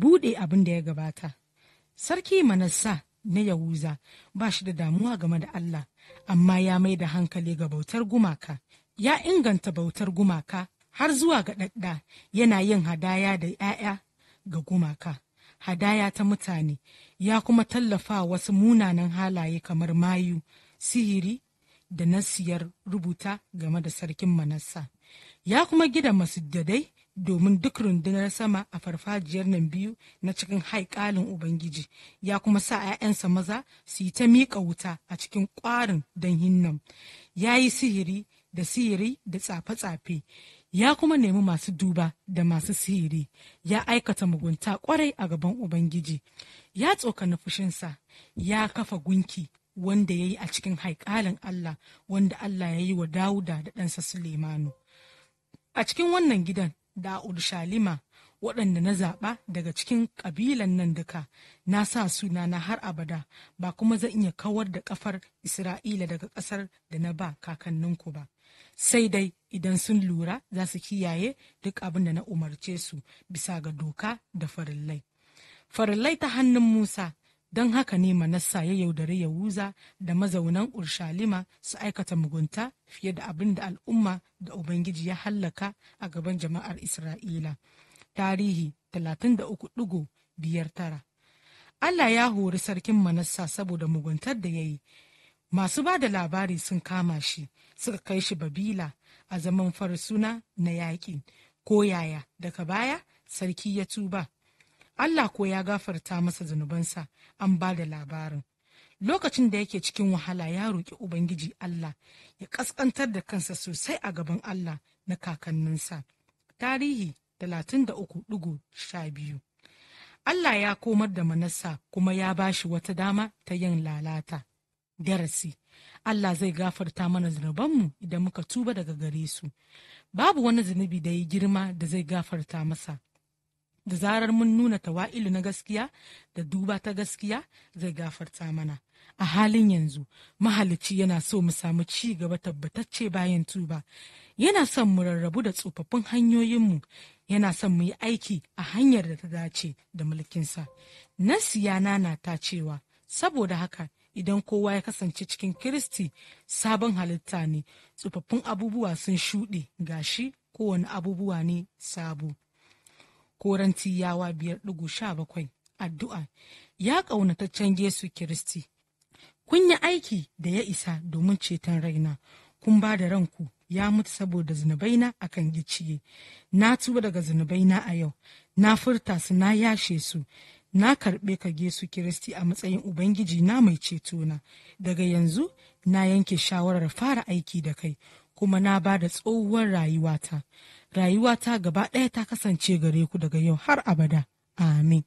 buɗe abin da ya gabata. Sarki Manassa na Yahuza ba shi da damuwa game da Allah, amma ya mai da hankali ga bautar gumaka, ya inganta bautar gumaka har zuwa ga ɗaɗɗa yana yin hadaya da ‘ya'ya ga gumaka, hadaya ta mutane, ya kuma tallafa wasu munanan halaye kamar mayu, sihiri da nasiyar rubuta game da sarkin Manassa. Ya kuma gida masujadai domin duk rundunar sama a farfajiyar nan biyu na cikin haikalin Ubangiji, ya kuma sa ‘ya'yansa maza su yi ta miƙa wuta a cikin ƙwarin don hinnan. Ya yi sihiri da sihiri da tsafe-tsafe, ya kuma nemi masu duba da masu sihiri, ya aikata mugunta ƙwarai a gaban Ubangiji, ya tsokana fushinsa, ya kafa gunki wanda ya yi a cikin haikalin Allah, wanda Allah ya yi wa Dawuda da ɗansa Sulemanu. A cikin wannan gidan da urshalima waɗanda na zaɓa daga cikin ƙabilan nan duka na sa suna na har abada ba kuma zan iya kawar da ƙafar isra'ila daga ƙasar da na ba kakanninku ba sai dai idan sun lura za su kiyaye duk abin da na umarce su bisa ga doka da farillai farillai ta hannun musa don haka ne manassa ya yaudari yahuza da mazaunan urshalima su aikata mugunta fiye da abin da al'umma da ubangiji ya hallaka a gaban jama'ar isra'ila tarihi 33.59 allah ya hori sarkin manassa saboda muguntar da ya yi masu ba da labari sun kama shi suka kai shi babila a zaman farsuna na yaƙi ko yaya daga baya sarki ya tuba Allah ko ya gafarta masa zunubansa an ba da labarin. Lokacin da yake cikin wahala ya roƙi Ubangiji Allah ya ƙasƙantar da kansa sosai a gaban Allah na kakanninsa. Tarihi 33.12 Allah ya komar da manassa kuma ya ba shi wata dama ta yin lalata. Darasi Allah zai gafarta mana zunubanmu idan muka tuba daga gare su. Babu wani zunubi da ya girma da zai gafarta masa. da zarar mun nuna tawa'ilu na gaskiya da duba ta gaskiya zai gafarta mana a halin yanzu mahalicci yana so mu samu ci gaba tabbatacce bayan tuba yana son mu rarrabu da tsofaffin hanyoyinmu yana son mu yi aiki a hanyar da ta dace da mulkinsa nasiya nana ta cewa saboda haka idan kowa ya kasance cikin kiristi sabon halitta ne tsofaffin abubuwa sun shuɗe gashi kowane abubuwa ne sabo koranti yawa biyar ɗigo sha bakwai addu'a ya ƙaunataccen yesu kiristi kun yi aiki da ya isa domin ceton raina kun ba da ranku ya mutu saboda zunubaina a kan gicciye na tuba daga zunubaina a yau na furta su na yashe su na karɓe ka Yesu Kiristi a matsayin Ubangiji na mai cetona. Daga yanzu na yanke shawarar fara aiki da kai, kuma na ba da tsohuwar rayuwata rayuwata gaba ɗaya ta kasance gare ku daga yau har abada amin